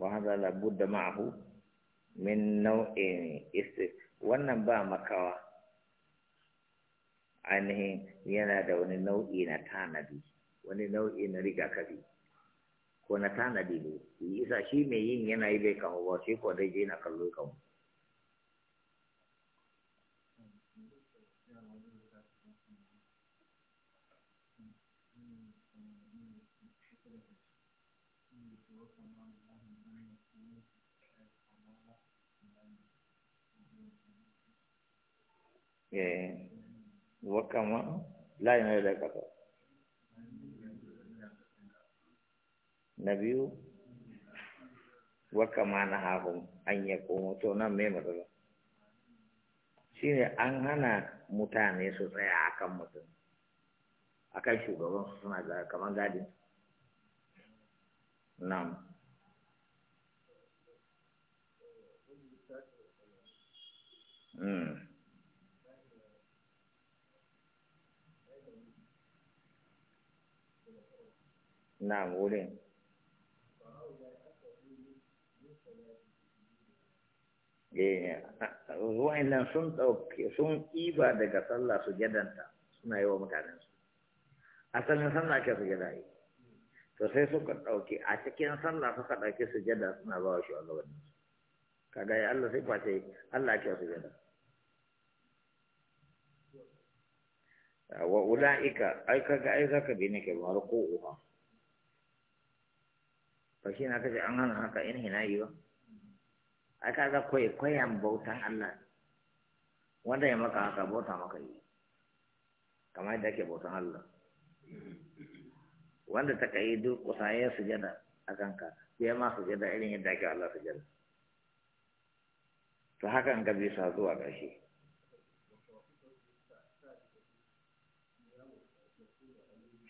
وهذا لابد معه من نوع wannan ba makawa ainihin yana da wani nau'i na tanadi wani nau'i na rigakafi ko na tanadi ne isa shi mai yin yana yi bai kawo ba shi ko dai je na kallo kawo wakama la yana da kafa na biyu wakama na hagu an ya komo to nan mai matsala shi ne an hana mutane su tsaya akan mutum akan shugaban su suna kamar gadin Na'am. Mm. Na'am wurin. Eh, wa'annan sun ɗauke sun ƙiba daga sallah su jadanta suna yi wa mutanensu asalin sallah ke su jada yi to sai suka ɗauki a cikin sallah suka ɗauki sujada suna ba wa shugabannin kaga ya Allah sai kwace Allah ke jada. wa ula'ika ai kaga ai zaka bi ke ba uha ba shi na kace an hana haka in hina yi ba ai kaga koyi koyan bautan Allah wanda ya maka haka bauta maka yi kamar yadda ake bautan Allah wanda ta kai kusaye oh, ya sujada a kanka ya ma sujada irin yadda ake Allah jada to hakan ka bai sa zuwa ƙarshe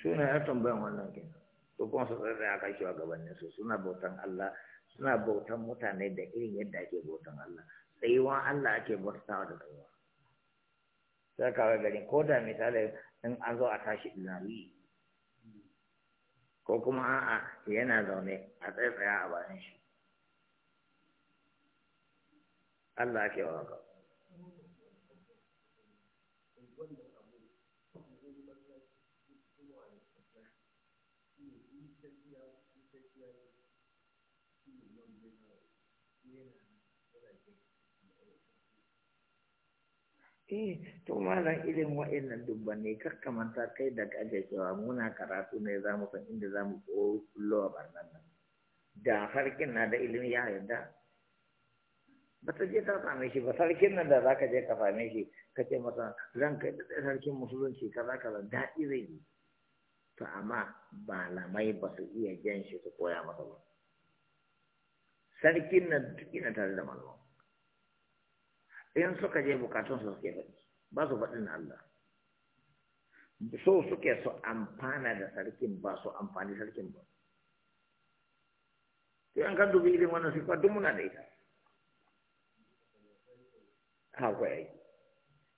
suna ya tambayan wannan ke su kuma su tsare a ƙarshe a gabanin su suna bautan Allah suna bautan mutane da irin yadda ake bautan Allah tsayuwa Allah ake bautawa da tsayuwa sai kawai gari ko da misali in an zo a tashi ilali ko kuma a'a yana zaune a tsaye a bayan shi Allah ke wa haka Eh, to malam irin wa'annan dubban ne kakkamanta kai da kaje cewa muna karatu ne za mu san inda za mu kullo a barnan nan. Da sarkin na da ilimi ya yarda. Ba ta je ta same shi ba sarkin nan da za ka je ka same shi ka ce masa zan kai da sarkin musulunci kaza kaza daɗi zai yi. To amma malamai ba su iya jan shi su koya masa ba. Sarkin nan duk ina tare da malamai. in suka je bukatun su suke faɗi ba su faɗin Allah so suke su amfana da sarkin ba su amfani sarkin ba to an ka dubi irin wannan sifa duk muna da ita akwai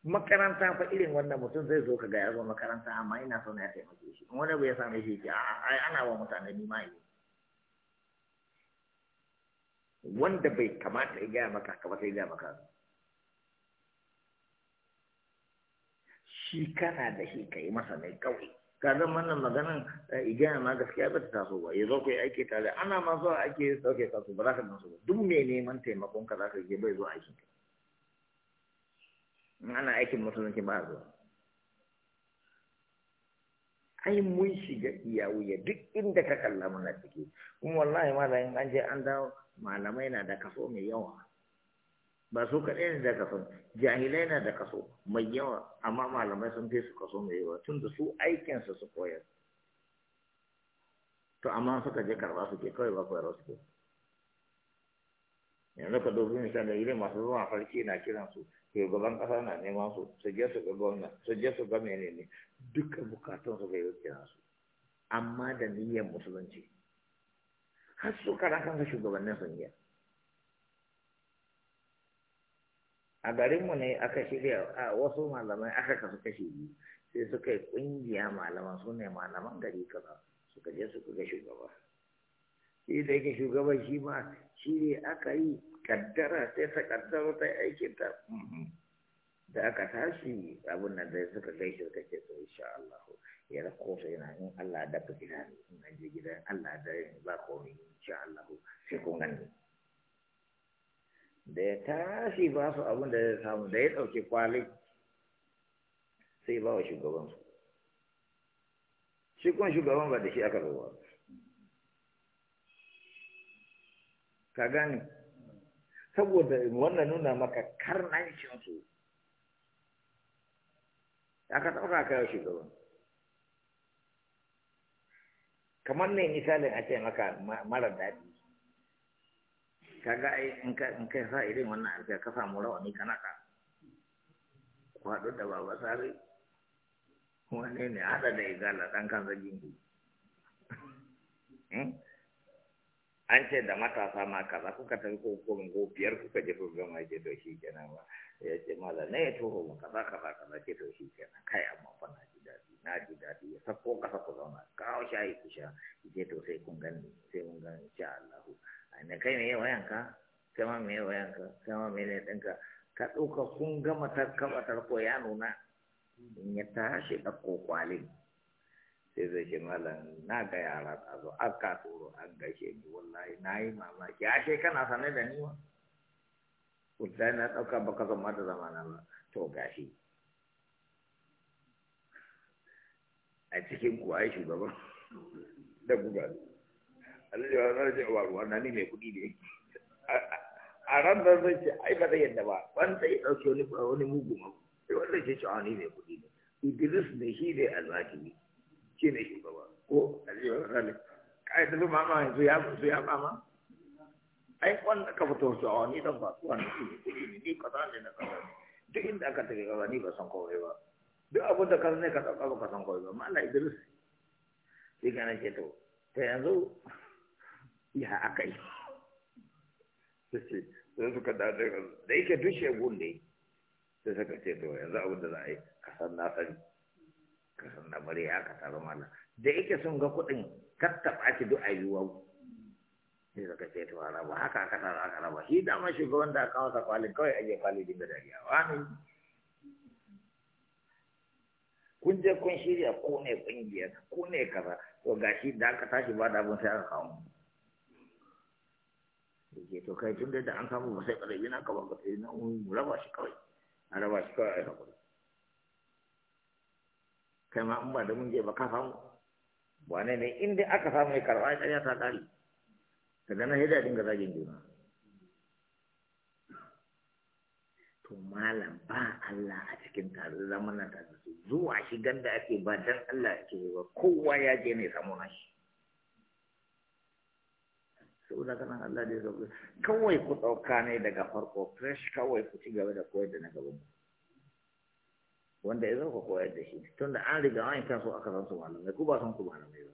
makaranta fa irin wannan mutum zai zo ka ga ya zo makaranta amma ina so na ya taimake shi in wani bai ya same shi ya ai ana wa mutane ni ma wanda bai kamata ya ga maka ka ba sai ya maka shi kana da shi ka yi masa mai kawai ka zan wannan maganan igiyar ma gaskiya ba ta taso ba ya zo ku aiki tare ana ma zuwa ake sauke taso ba za ka gansu ba duk mai neman taimakon ka za ka je bai zo aiki. ana aikin musulunci ba zuwa ai mun shiga iyawuya duk inda ka kalla muna ciki kuma wallahi malamin an je an dawo malamai na da kaso mai yawa ba su kaɗai ne da kaso jahilai na da kaso mai yawa amma malamai sun fi su kaso mai yawa tun da su aikinsa su koyar to amma suka je karɓa suke kawai ba wasu ke yanzu ka dubi misali irin masu zuwa farki na kiran su shugaban ƙasa na neman su su je su ga gwamna su je su ga menene duka bukatun su bai wuce su amma da niyyar musulunci har su karan shugabannin sun yi a garin mu ne aka shirya a wasu malamai aka kasu kashi biyu sai suka yi ƙungiya malaman su ne malaman gari kaza suka je suka shugaba shi da yake shugaban shi ma shi ne aka yi kaddara sai ta kaddara ta aikin ta mm-hmm. da aka tashi abin nan da suka gaishe suka ce to insha Allah ya rako sai na in Allah da ka gida ne in an je gidan Allah da ba komai insha Allah sai kun gani da ya tashi ba su abin da ya samu da ya ɗauki kwali sai ba wa shugabansu shi kun shugaban ba da shi aka zuwa ka gani saboda wannan nuna maka karnancinsu aka ɗauka ka yau shugaban kamar ne misalin a ce maka mara daɗi kaga ai in ka in kai sa irin wannan alƙa ka samu rawani kana ka kwaɗo da baba sare wane ne haɗa da igala ɗan kansa gingi hmm? an ce da matasa ma kaza kuka tafi ko kuma ko biyar kuka je ku gama je to shi kenan ba ya ce mala ne ya toho mu kaza kaza kaza ce to shi kenan kai amma fa na ji daɗi na ji daɗi ya sako kasa sako zauna kawo shayi ku sha ce to sai kun gani sai mun gani insha Allah da kai mai wayanka kai ma mai wayanka kai ma mai ɗinka ka ɗauka kun gama tarkabatar ko ya nuna in ya tashi ɗauko kwalin sai zai ce malam na ga yara ta zo an ka tsoro an gaishe ni wallahi na yi mamaki a she kana sane da ni wa kuta na ɗauka baka zama da zamana ba to gashi a cikin kuwa shugaban da gudanar alhaji ba na ce wa ruwa na ni mai kuɗi ne a ran nan zan ce ai ba zai yadda ba ban sai ɗauke wani wani mugu ma sai wanda ce cewa ni mai kuɗi ne idris ne shi ne alhaji shi ne shugaba ko alhaji ba na ne kai da zuma ma yanzu ya su ya ba ma ai wanda ka fito su a ni dan ba su wani shi ne kuɗi ne ni kaza ne na kaza ne duk inda aka tafi kaza ni ba san kawai ba duk abin da kaza ne ka ɗauka ba ka san kawai ba ma Allah idris sai ka na to ta yanzu ya aka yi sai suka dace da yake dushe gunde sai suka ce to yanzu abin da za a yi kasan na sani kasan na bari ya ka taro mana da yake sun ga kuɗin kattaɓa ki duk ayyuwa sai suka ce to raba haka aka tara aka raba shi dama shugaban da aka wasa kwalin kawai aje kwalin dinga dariya wani kun je kun shirya ko ne kungiyar ko ne kaza to gashi da aka tashi ba da abin sai aka kawo ke to kai tun da an samu ba sai ƙarfi yana ka ba sai na mu raba shi kawai a raba shi kawai ai hakuri kai ma in ba da mun je ba ka samu wane ne inda aka samu ya karɓa ya ta ƙari ka nan hidda dinga zagin juna to malam ba Allah a cikin tare zamanin tare zuwa shi ganda ake ba dan Allah ake ba kowa ya je ne samu nashi saboda kana Allah da ya zaɓi kawai ku ɗauka ne daga farko fresh kawai ku ci gaba da koyar da na gaban wanda ya zauka koyar da shi tunda an riga an kan so aka san su malamai ku ba san ku malamai ba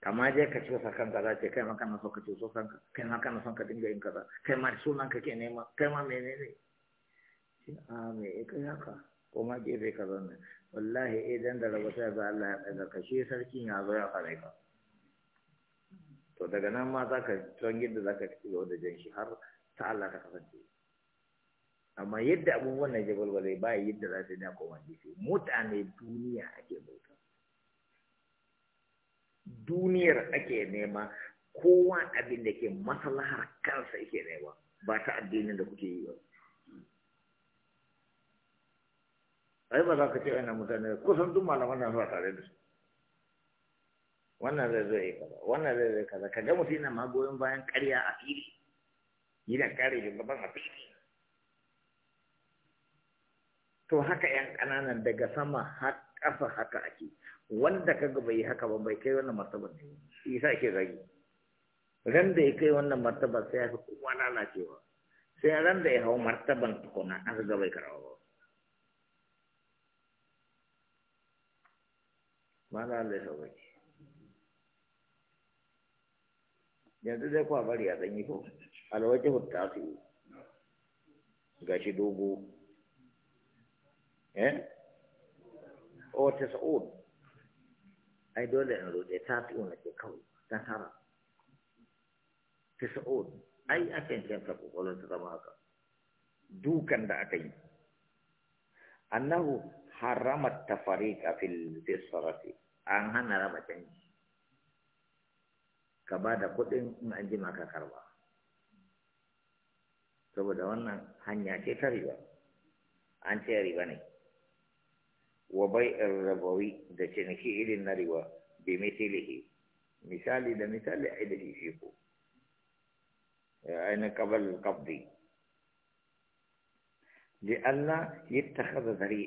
kama je ka ci wasa kanka za ce kai ma kana son ka ci wasa kanka kai ma kana son ka dinga yin kaza kai ma sunan ka ke nema kai ma menene shi a ah, me ya kai haka ko ma gefe kaza ne wallahi idan eh, da rabu sai ga Allah ya ɗaga ka shi sarkin ya zo ya fara ka to daga nan ma za ka yadda za ka ci gaba da jan shi har ta Allah ta kasance amma yadda abubuwan na jabalwale ba yadda za su yi na koma gefe mutane duniya ake bauta duniyar ake nema kowa abin da ke maslahar kansa yake nema ba ta addinin da kuke yi ba ai ba za ka ce ana mutane kusan duk malaman na zuwa tare da su wannan zai zai kaza wannan zai zai kaza kaga mutum yana ma goyon bayan karya a fili yana kare shugaban a fili to haka yan ƙananan daga sama har ƙasa haka ake wanda kaga bai yi haka ba bai kai wannan martabar ne shi yasa ake zagi ran da ya kai wannan martabar sai ya fi kowa lalacewa sai ran da ya hau martaban tukuna an ga bai karawa ba ma lalacewa ba sauki yanzu zai kuwa bari a ɗanyi ko alwaje hutta su ga shi dogo eh o ta sa'ud ai dole in roƙe ta fi yi ke kawai ta tara ta sa'ud ai a cancanta kokolon ta zama haka dukan da aka yi annahu haramat kafin fil fisrati an hana raba canji ka ba da kuɗin in an ji ka karba saboda wannan hanya ce ta riba an ce riba ne wa bai rabawi da ciniki irin na riba bi misalihi misali da misali a da shi ko ainihin kabal kabdi Allah لأن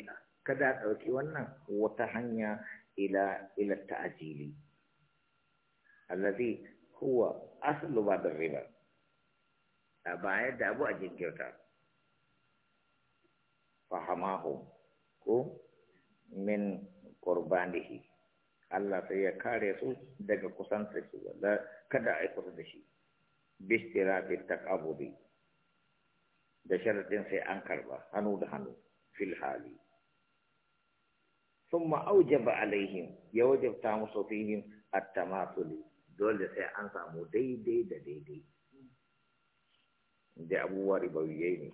ta Kada a ɗauki wannan, wata hanya ila ta'ajili. ba da أصل A baya أبايا abu a jinkirta. فهماهم ko min قربانه Allah sai ya kare su daga kusantar shi wanda kada a yi kusa da shi bistira fi tak'abobi. da sharadin sai an karba hannu da hannu fil hali thumma awjaba alaihim ya wajabta musu fihim at dole sai an samu daidai da daidai da abubuwa ribawiyai ne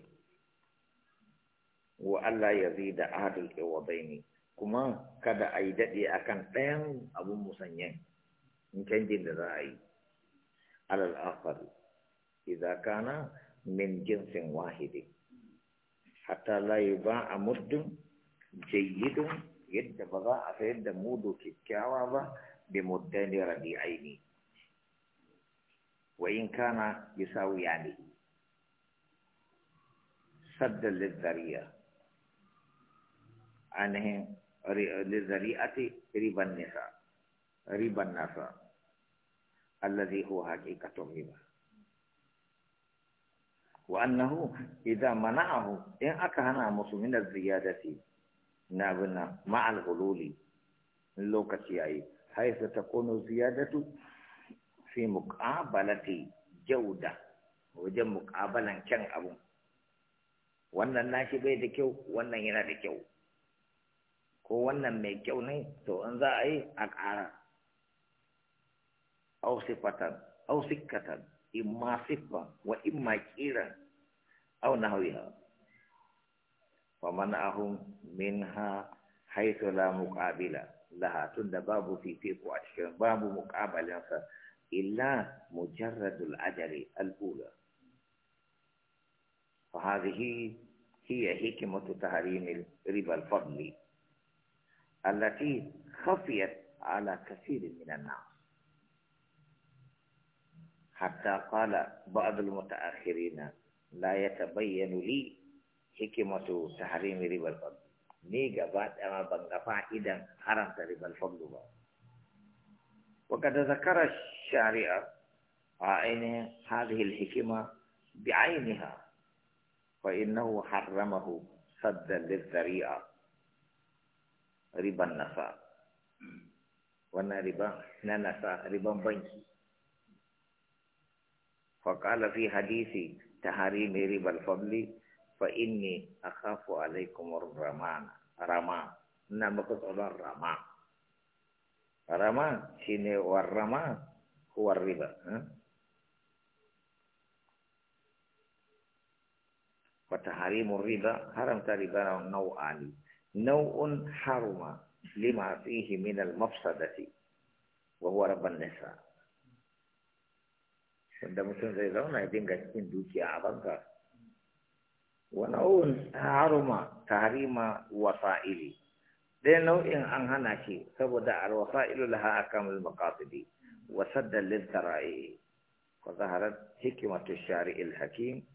wa Allah ya zai da ahadul iwadai ne kuma kada a yi daɗe a kan ɗayan abun musanyen in canjin da za a yi alal afar idza kana min jinsin wahidi hatta ba a muddun jayyidun yadda ba za a sayar da mudu kyakkyawa ba bi muddani rabi'aini وإن كان يساويانه يعني. سدا للذريعة أنه للذريعة ربا النساء ربا النساء الذي هو حقيقة الربا وأنه إذا منعه إن أكهنا من الزيادة نابنا مع الغلول لوكتي أي حيث تكون الزيادة fi muqabalati jauda wajen muƙabalan kyan abun wannan nashi bai da kyau wannan yana da kyau ko wannan mai kyau ne to in za a yi a ƙara aw sifatan aw sikkatan imma siffa wa imma qiran aw nahwiha wa man'ahum minha haythu la muqabila laha tunda babu fifiko a cikin babu muƙabalinsa. إلا مجرد العجل الأولى فهذه هي حكمة تحريم ربا الفضل التي خفيت على كثير من الناس حتى قال بعض المتأخرين لا يتبين لي حكمة تحريم ربا الفضل نيجا بعد أما بنغفا إذا حرمت ربا الفضل وقد ذكر الشارعة عينها هذه الحكمة بعينها فإنه حرمه سدا للذريعة ربا النساء وانا ربا ننسى ربا بنكي فقال في حديث تحريم ربا الفضل فإني أخاف عليكم الرمان رما نمكت على الرمان رمان شيني والرما Eh? riba, الربا وتحريم الربا حرمت Nau'un haruma, lima, حرم لما فيه من المفسدة وهو ربا النساء wanda mutum zai zauna ya dinga cikin dukiya a banka wani nau'in haruma tahrima wasa'ili ɗaya nau'in an hana shi saboda alwasa'ilu laha akamul maqasidi وسدا للذرائع وظهرت حكمة الشارع الحكيم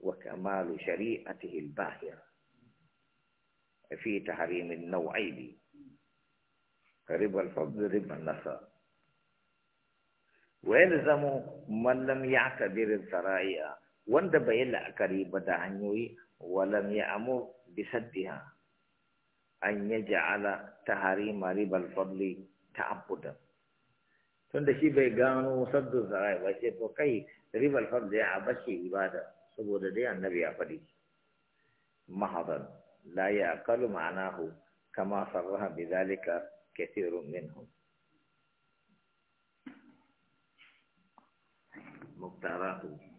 وكمال شريعته الباهرة في تحريم النوعين ربا الفضل ربا النصر ويلزم من لم يعتبر الذرائع واندب إلى قريب دعني ولم يأمر بسدها أن يجعل تحريم ربا الفضل تعبدا سند شي به غانو سد زراي بچي تو کوي ريب الفرض يا بشي عباده سبوده دي النبي عليه محضر لا يعقل معناه كما صرح بذلك كثير منهم مختارات